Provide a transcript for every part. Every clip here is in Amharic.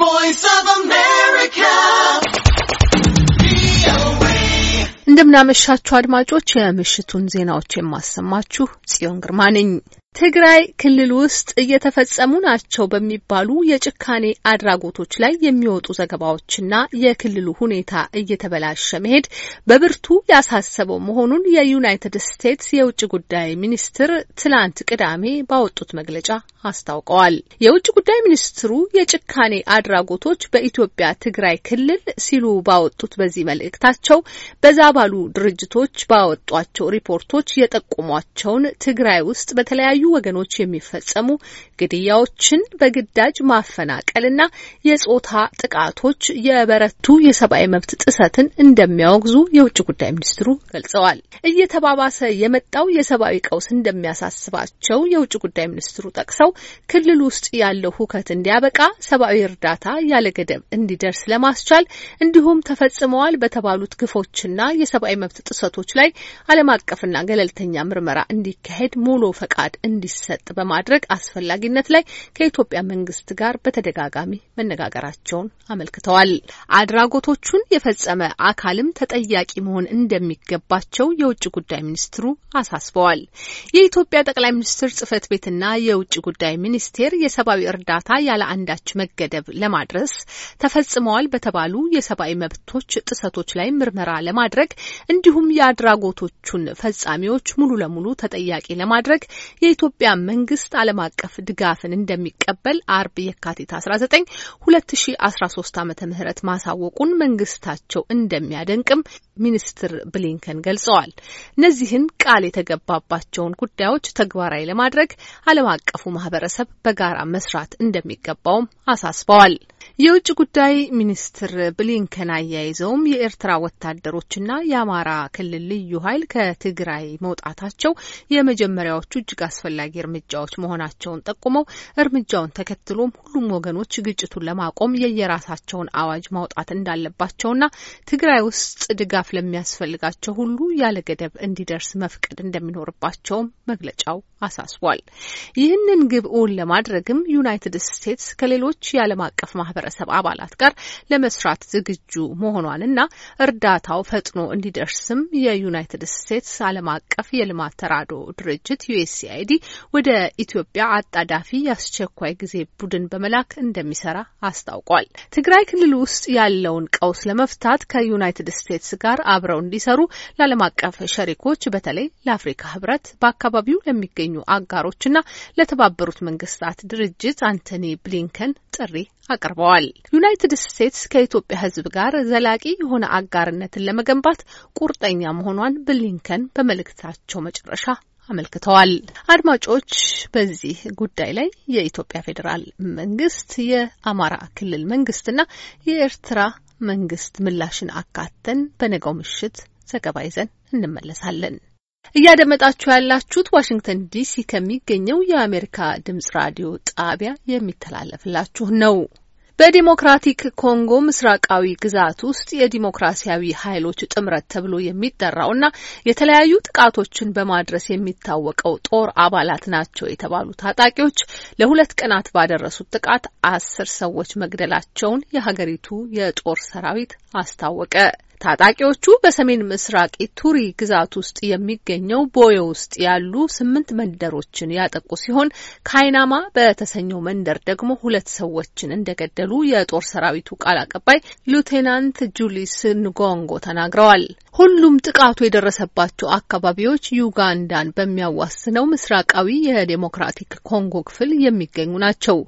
voice of America. እንደምናመሻችሁ አድማጮች፣ የምሽቱን ዜናዎች የማሰማችሁ ጽዮን ግርማ ነኝ። ትግራይ ክልል ውስጥ እየተፈጸሙ ናቸው በሚባሉ የጭካኔ አድራጎቶች ላይ የሚወጡ ዘገባዎችና የክልሉ ሁኔታ እየተበላሸ መሄድ በብርቱ ያሳሰበው መሆኑን የዩናይትድ ስቴትስ የውጭ ጉዳይ ሚኒስትር ትላንት ቅዳሜ ባወጡት መግለጫ አስታውቀዋል። የውጭ ጉዳይ ሚኒስትሩ የጭካኔ አድራጎቶች በኢትዮጵያ ትግራይ ክልል ሲሉ ባወጡት በዚህ መልእክታቸው በዛ ባሉ ድርጅቶች ባወጧቸው ሪፖርቶች የጠቁሟቸውን ትግራይ ውስጥ በተለያዩ በተለያዩ ወገኖች የሚፈጸሙ ግድያዎችን፣ በግዳጅ ማፈናቀልና የጾታ ጥቃቶች የበረቱ የሰብአዊ መብት ጥሰትን እንደሚያወግዙ የውጭ ጉዳይ ሚኒስትሩ ገልጸዋል። እየተባባሰ የመጣው የሰብአዊ ቀውስ እንደሚያሳስባቸው የውጭ ጉዳይ ሚኒስትሩ ጠቅሰው ክልል ውስጥ ያለው ሁከት እንዲያበቃ ሰብአዊ እርዳታ ያለ ገደብ እንዲደርስ ለማስቻል እንዲሁም ተፈጽመዋል በተባሉት ግፎችና የሰብአዊ መብት ጥሰቶች ላይ ዓለም አቀፍና ገለልተኛ ምርመራ እንዲካሄድ ሙሉ ፈቃድ እንዲሰጥ በማድረግ አስፈላጊነት ላይ ከኢትዮጵያ መንግስት ጋር በተደጋጋሚ መነጋገራቸውን አመልክተዋል። አድራጎቶቹን የፈጸመ አካልም ተጠያቂ መሆን እንደሚገባቸው የውጭ ጉዳይ ሚኒስትሩ አሳስበዋል። የኢትዮጵያ ጠቅላይ ሚኒስትር ጽህፈት ቤትና የውጭ ጉዳይ ሚኒስቴር የሰብአዊ እርዳታ ያለ አንዳች መገደብ ለማድረስ ተፈጽመዋል በተባሉ የሰብአዊ መብቶች ጥሰቶች ላይ ምርመራ ለማድረግ እንዲሁም የአድራጎቶቹን ፈጻሚዎች ሙሉ ለሙሉ ተጠያቂ ለማድረግ የኢትዮጵያ መንግስት ዓለም አቀፍ ድጋፍን እንደሚቀበል አርብ የካቲት 19 2013 ዓመተ ምህረት ማሳወቁን መንግስታቸው እንደሚያደንቅም ሚኒስትር ብሊንከን ገልጸዋል። እነዚህን ቃል የተገባባቸውን ጉዳዮች ተግባራዊ ለማድረግ ዓለም አቀፉ ማህበረሰብ በጋራ መስራት እንደሚገባውም አሳስበዋል። የውጭ ጉዳይ ሚኒስትር ብሊንከን አያይዘውም የኤርትራ ወታደሮችና የአማራ ክልል ልዩ ኃይል ከትግራይ መውጣታቸው የመጀመሪያዎቹ እጅግ አስፈላጊ እርምጃዎች መሆናቸውን ጠቁመው እርምጃውን ተከትሎም ሁሉም ወገኖች ግጭቱን ለማቆም የየራሳቸውን አዋጅ ማውጣት እንዳለባቸውና ትግራይ ውስጥ ድጋፍ ለሚያስፈልጋቸው ሁሉ ያለ ገደብ እንዲደርስ መፍቀድ እንደሚኖርባቸውም መግለጫው አሳስቧል። ይህንን ግብ እውን ለማድረግም ዩናይትድ ስቴትስ ከሌሎች የዓለም አቀፍ ማህበረሰብ አባላት ጋር ለመስራት ዝግጁ መሆኗንና እርዳታው ፈጥኖ እንዲደርስም የዩናይትድ ስቴትስ ዓለም አቀፍ የልማት ተራድኦ ድርጅት ዩኤስኤአይዲ ወደ ኢትዮጵያ አጣዳፊ የአስቸኳይ ጊዜ ቡድን በመላክ እንደሚሰራ አስታውቋል። ትግራይ ክልል ውስጥ ያለውን ቀውስ ለመፍታት ከዩናይትድ ስቴትስ ጋር አብረው እንዲሰሩ ለዓለም አቀፍ ሸሪኮች በተለይ ለአፍሪካ ህብረት፣ በአካባቢው ለሚገኙ አጋሮችና ለተባበሩት መንግስታት ድርጅት አንቶኒ ብሊንከን ጥሪ አቅርበዋል። ዩናይትድ ስቴትስ ከኢትዮጵያ ህዝብ ጋር ዘላቂ የሆነ አጋርነትን ለመገንባት ቁርጠኛ መሆኗን ብሊንከን በመልእክታቸው መጨረሻ አመልክተዋል። አድማጮች፣ በዚህ ጉዳይ ላይ የኢትዮጵያ ፌዴራል መንግስት፣ የአማራ ክልል መንግስትና የኤርትራ መንግስት ምላሽን አካተን በነገው ምሽት ዘገባ ይዘን እንመለሳለን። እያደመጣችሁ ያላችሁት ዋሽንግተን ዲሲ ከሚገኘው የአሜሪካ ድምጽ ራዲዮ ጣቢያ የሚተላለፍላችሁ ነው። በዲሞክራቲክ ኮንጎ ምስራቃዊ ግዛት ውስጥ የዲሞክራሲያዊ ኃይሎች ጥምረት ተብሎ የሚጠራው እና የተለያዩ ጥቃቶችን በማድረስ የሚታወቀው ጦር አባላት ናቸው የተባሉ ታጣቂዎች ለሁለት ቀናት ባደረሱት ጥቃት አስር ሰዎች መግደላቸውን የሀገሪቱ የጦር ሰራዊት አስታወቀ። ታጣቂዎቹ በሰሜን ምስራቅ ቱሪ ግዛት ውስጥ የሚገኘው ቦዮ ውስጥ ያሉ ስምንት መንደሮችን ያጠቁ ሲሆን ካይናማ በተሰኘው መንደር ደግሞ ሁለት ሰዎችን እንደገደሉ የጦር ሰራዊቱ ቃል አቀባይ ሉቴናንት ጁሊስ ንጎንጎ ተናግረዋል። ሁሉም ጥቃቱ የደረሰባቸው አካባቢዎች ዩጋንዳን በሚያዋስነው ምስራቃዊ የዴሞክራቲክ ኮንጎ ክፍል የሚገኙ ናቸው።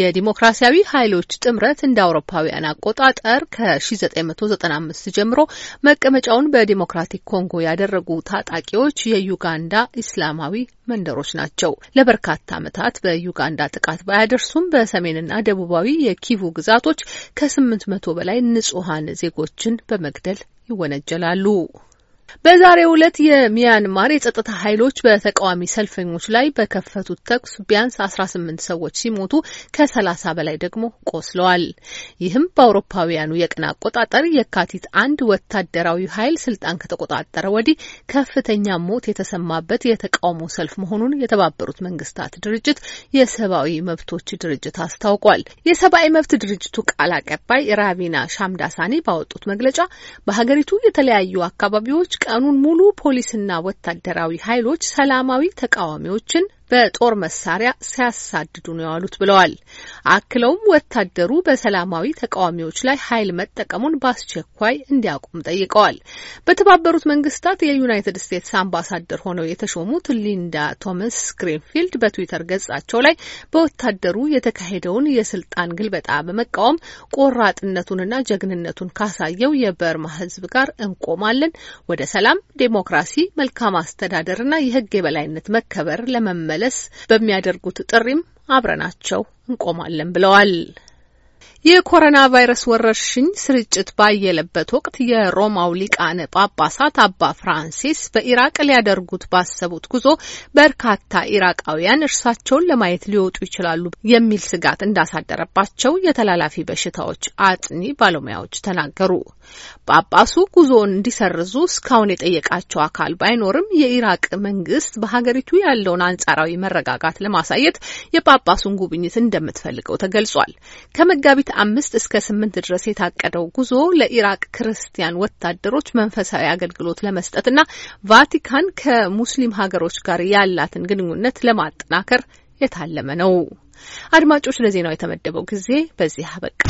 የዲሞክራሲያዊ ኃይሎች ጥምረት እንደ አውሮፓውያን አቆጣጠር ከ1995 ጀምሮ መቀመጫውን በዲሞክራቲክ ኮንጎ ያደረጉ ታጣቂዎች የዩጋንዳ ኢስላማዊ መንደሮች ናቸው። ለበርካታ ዓመታት በዩጋንዳ ጥቃት ባያደርሱም በሰሜንና ደቡባዊ የኪቩ ግዛቶች ከስምንት መቶ በላይ ንጹሐን ዜጎችን በመግደል ይወነጀላሉ። በዛሬ ዕለት የሚያንማር የጸጥታ ኃይሎች በተቃዋሚ ሰልፈኞች ላይ በከፈቱት ተኩስ ቢያንስ አስራ ስምንት ሰዎች ሲሞቱ ከሰላሳ በላይ ደግሞ ቆስለዋል። ይህም በአውሮፓውያኑ የቀን አቆጣጠር የካቲት አንድ ወታደራዊ ኃይል ስልጣን ከተቆጣጠረ ወዲህ ከፍተኛ ሞት የተሰማበት የተቃውሞ ሰልፍ መሆኑን የተባበሩት መንግስታት ድርጅት የሰብአዊ መብቶች ድርጅት አስታውቋል። የሰብአዊ መብት ድርጅቱ ቃል አቀባይ ራቪና ሻምዳሳኒ ባወጡት መግለጫ በሀገሪቱ የተለያዩ አካባቢዎች ቀኑን ሙሉ ፖሊስና ወታደራዊ ኃይሎች ሰላማዊ ተቃዋሚዎችን በጦር መሳሪያ ሲያሳድዱ ነው ያሉት ብለዋል። አክለውም ወታደሩ በሰላማዊ ተቃዋሚዎች ላይ ኃይል መጠቀሙን በአስቸኳይ እንዲያቆም ጠይቀዋል። በተባበሩት መንግስታት የዩናይትድ ስቴትስ አምባሳደር ሆነው የተሾሙት ሊንዳ ቶማስ ግሪንፊልድ በትዊተር ገጻቸው ላይ በወታደሩ የተካሄደውን የስልጣን ግልበጣ በመቃወም ቆራጥነቱንና ጀግንነቱን ካሳየው የበርማ ሕዝብ ጋር እንቆማለን፣ ወደ ሰላም፣ ዴሞክራሲ፣ መልካም አስተዳደርና የህግ የበላይነት መከበር ለመመለ ለመመለስ በሚያደርጉት ጥሪም አብረናቸው እንቆማለን ብለዋል። የኮሮና ቫይረስ ወረርሽኝ ስርጭት ባየለበት ወቅት የሮማው ሊቃነ ጳጳሳት አባ ፍራንሲስ በኢራቅ ሊያደርጉት ባሰቡት ጉዞ በርካታ ኢራቃውያን እርሳቸውን ለማየት ሊወጡ ይችላሉ የሚል ስጋት እንዳሳደረባቸው የተላላፊ በሽታዎች አጥኒ ባለሙያዎች ተናገሩ። ጳጳሱ ጉዞውን እንዲሰርዙ እስካሁን የጠየቃቸው አካል ባይኖርም የኢራቅ መንግስት በሀገሪቱ ያለውን አንጻራዊ መረጋጋት ለማሳየት የጳጳሱን ጉብኝት እንደምትፈልገው ተገልጿል። ከመጋ ከመጋቢት አምስት እስከ ስምንት ድረስ የታቀደው ጉዞ ለኢራቅ ክርስቲያን ወታደሮች መንፈሳዊ አገልግሎት ለመስጠትና ቫቲካን ከሙስሊም ሀገሮች ጋር ያላትን ግንኙነት ለማጠናከር የታለመ ነው። አድማጮች፣ ለዜናው የተመደበው ጊዜ በዚህ አበቃ።